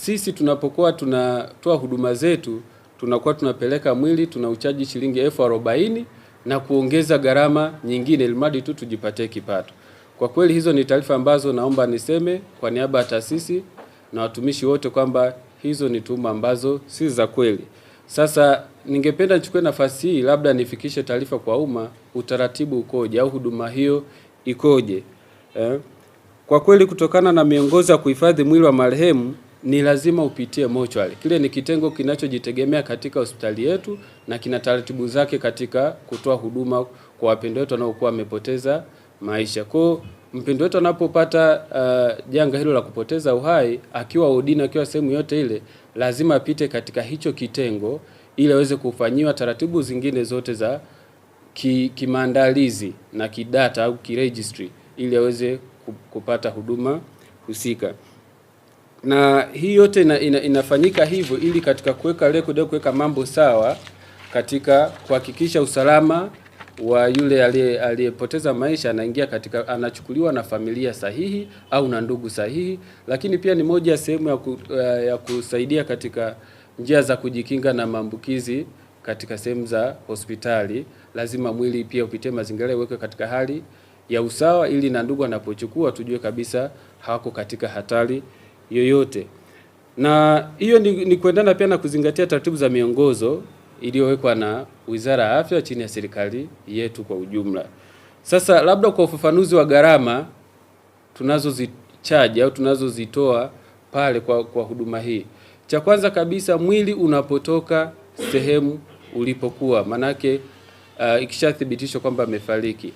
sisi tunapokuwa tunatoa huduma zetu tunakuwa tunapeleka mwili tunauchaji shilingi elfu arobaini na kuongeza gharama nyingine ilimradi tu tujipatie kipato. Kwa kweli hizo ni taarifa ambazo naomba niseme kwa niaba ya taasisi na watumishi wote kwamba hizo ni tuhuma ambazo si za kweli. Sasa ningependa nichukue nafasi hii labda nifikishe taarifa kwa umma, utaratibu ukoje au huduma hiyo ikoje? Eh, kwa kweli kutokana na miongozo ya kuhifadhi mwili wa marehemu ni lazima upitie mochwali. Kile ni kitengo kinachojitegemea katika hospitali yetu na kina taratibu zake katika kutoa huduma kwa wapendwa wetu wanaokuwa wamepoteza maisha. Kwa mpendwa wetu anapopata uh, janga hilo la kupoteza uhai, akiwa udini, akiwa sehemu yote ile, lazima apite katika hicho kitengo ili aweze kufanyiwa taratibu zingine zote za ki, kimaandalizi na kidata au kiregistry ili aweze kupata huduma husika na hii yote ina, ina, inafanyika hivyo ili katika kuweka rekodi au kuweka mambo sawa katika kuhakikisha usalama wa yule aliyepoteza maisha anaingia katika anachukuliwa na familia sahihi au na ndugu sahihi, lakini pia ni moja ya sehemu ya, ku, eh, ya kusaidia katika njia za kujikinga na maambukizi katika sehemu za hospitali. Lazima mwili pia upitie mazingira, iwekwe katika hali ya usawa, ili na ndugu anapochukua tujue kabisa hawako katika hatari yoyote, na hiyo ni, ni kuendana pia na kuzingatia taratibu za miongozo iliyowekwa na Wizara ya Afya chini ya serikali yetu kwa ujumla. Sasa labda kwa ufafanuzi wa gharama tunazozichaji au tunazozitoa pale kwa, kwa huduma hii, cha kwanza kabisa mwili unapotoka sehemu ulipokuwa, manake uh, ikishathibitishwa kwamba amefariki,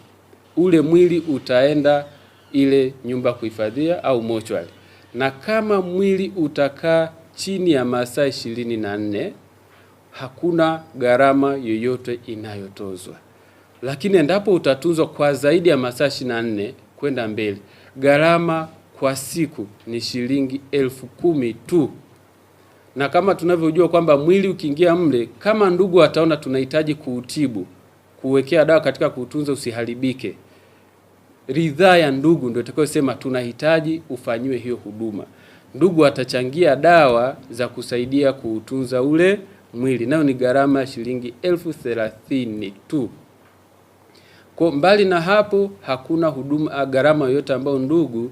ule mwili utaenda ile nyumba kuhifadhia au mochwali na kama mwili utakaa chini ya masaa ishirini na nne hakuna gharama yoyote inayotozwa. Lakini endapo utatunzwa kwa zaidi ya masaa ishirini na nne kwenda mbele, gharama kwa siku ni shilingi elfu kumi tu, na kama tunavyojua kwamba mwili ukiingia mle, kama ndugu ataona tunahitaji kuutibu, kuwekea dawa katika kuutunza usiharibike ridhaa ya ndugu ndio itakayosema tunahitaji ufanyiwe hiyo huduma. Ndugu atachangia dawa za kusaidia kuutunza ule mwili, nayo ni gharama ya shilingi elfu thelathini tu. Kwa mbali na hapo, hakuna huduma ah, gharama yoyote ambayo ndugu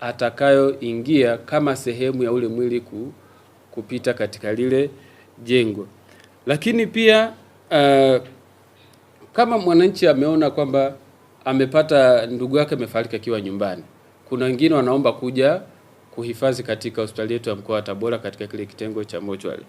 atakayoingia kama sehemu ya ule mwili ku, kupita katika lile jengo. Lakini pia uh, kama mwananchi ameona kwamba amepata ndugu yake amefariki akiwa nyumbani. Kuna wengine wanaomba kuja kuhifadhi katika hospitali yetu ya mkoa wa Tabora katika kile kitengo cha mochwari.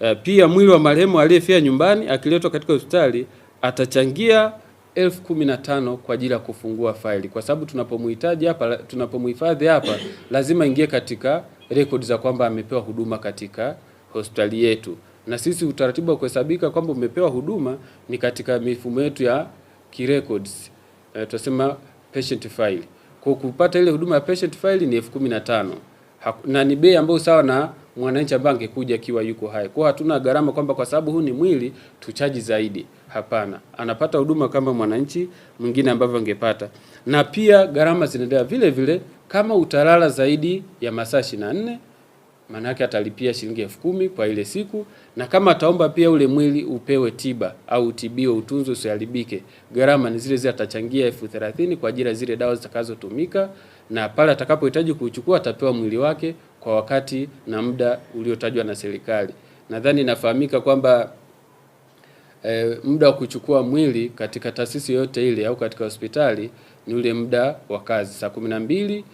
Eh, pia mwili wa marehemu aliyefia nyumbani akiletwa katika hospitali atachangia elfu kumi na tano kwa ajili ya kufungua faili, kwa sababu tunapomhitaji hapa, tunapomhifadhi hapa, lazima ingie katika rekodi za kwamba amepewa huduma katika hospitali yetu, na sisi utaratibu wa kuhesabika kwamba umepewa huduma ni katika mifumo yetu ya kirecords uh, eh, tunasema patient file. Kwa kupata ile huduma ya patient file ni elfu kumi na tano na ni bei ambayo sawa na mwananchi ambaye angekuja akiwa yuko hai. Kwa hatuna gharama kwamba kwa sababu huu ni mwili tuchaji zaidi. Hapana, anapata huduma kama mwananchi mwingine ambavyo angepata, na pia gharama zinaendelea vile vile kama utalala zaidi ya masaa 24 maana yake atalipia shilingi elfu kumi kwa ile siku, na kama ataomba pia ule mwili upewe tiba au utibiwe, utunzwe usiharibike, gharama ni zile zile, atachangia elfu thelathini kwa ajili ya zile dawa zitakazotumika, na pale atakapohitaji kuuchukua atapewa mwili wake kwa wakati na muda uliotajwa na serikali. Nadhani inafahamika kwamba e, muda wa kuchukua mwili katika taasisi yoyote ile au katika hospitali ni ule muda wa kazi saa kumi na mbili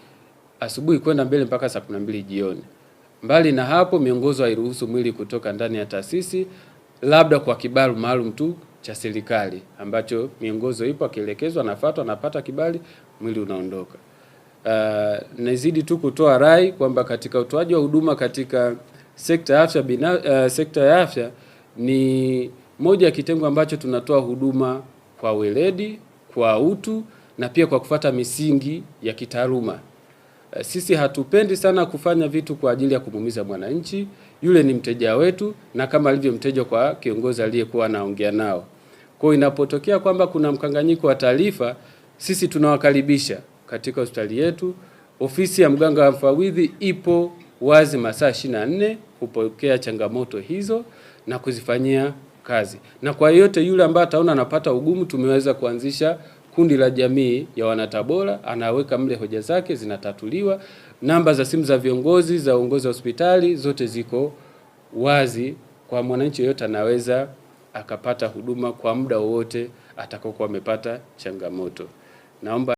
asubuhi kwenda mbele mpaka saa kumi na mbili jioni. Mbali na hapo, miongozo hairuhusu mwili kutoka ndani ya taasisi labda kwa kibali maalum tu cha serikali ambacho miongozo ipo, akielekezwa anafuatwa, anapata kibali, mwili unaondoka. Uh, nazidi tu kutoa rai kwamba katika utoaji wa huduma katika sekta ya afya bina, uh, sekta ya afya ni moja ya kitengo ambacho tunatoa huduma kwa weledi, kwa utu na pia kwa kufuata misingi ya kitaaluma. Eh, sisi hatupendi sana kufanya vitu kwa ajili ya kumuumiza mwananchi. Yule ni mteja wetu, na kama alivyo mteja kwa kiongozi aliyekuwa anaongea nao. Kwa hiyo inapotokea kwamba kuna mkanganyiko wa taarifa, sisi tunawakaribisha katika hospitali yetu. Ofisi ya mganga wa mfawidhi ipo wazi masaa 24 kupokea changamoto hizo na kuzifanyia kazi, na kwa yeyote yule ambaye ataona anapata ugumu, tumeweza kuanzisha kundi la jamii ya wanatabora, anaweka mle hoja zake zinatatuliwa. Namba za simu za viongozi za uongozi wa hospitali zote ziko wazi kwa mwananchi yote anaweza akapata huduma kwa muda wowote atakaokuwa amepata changamoto. Naomba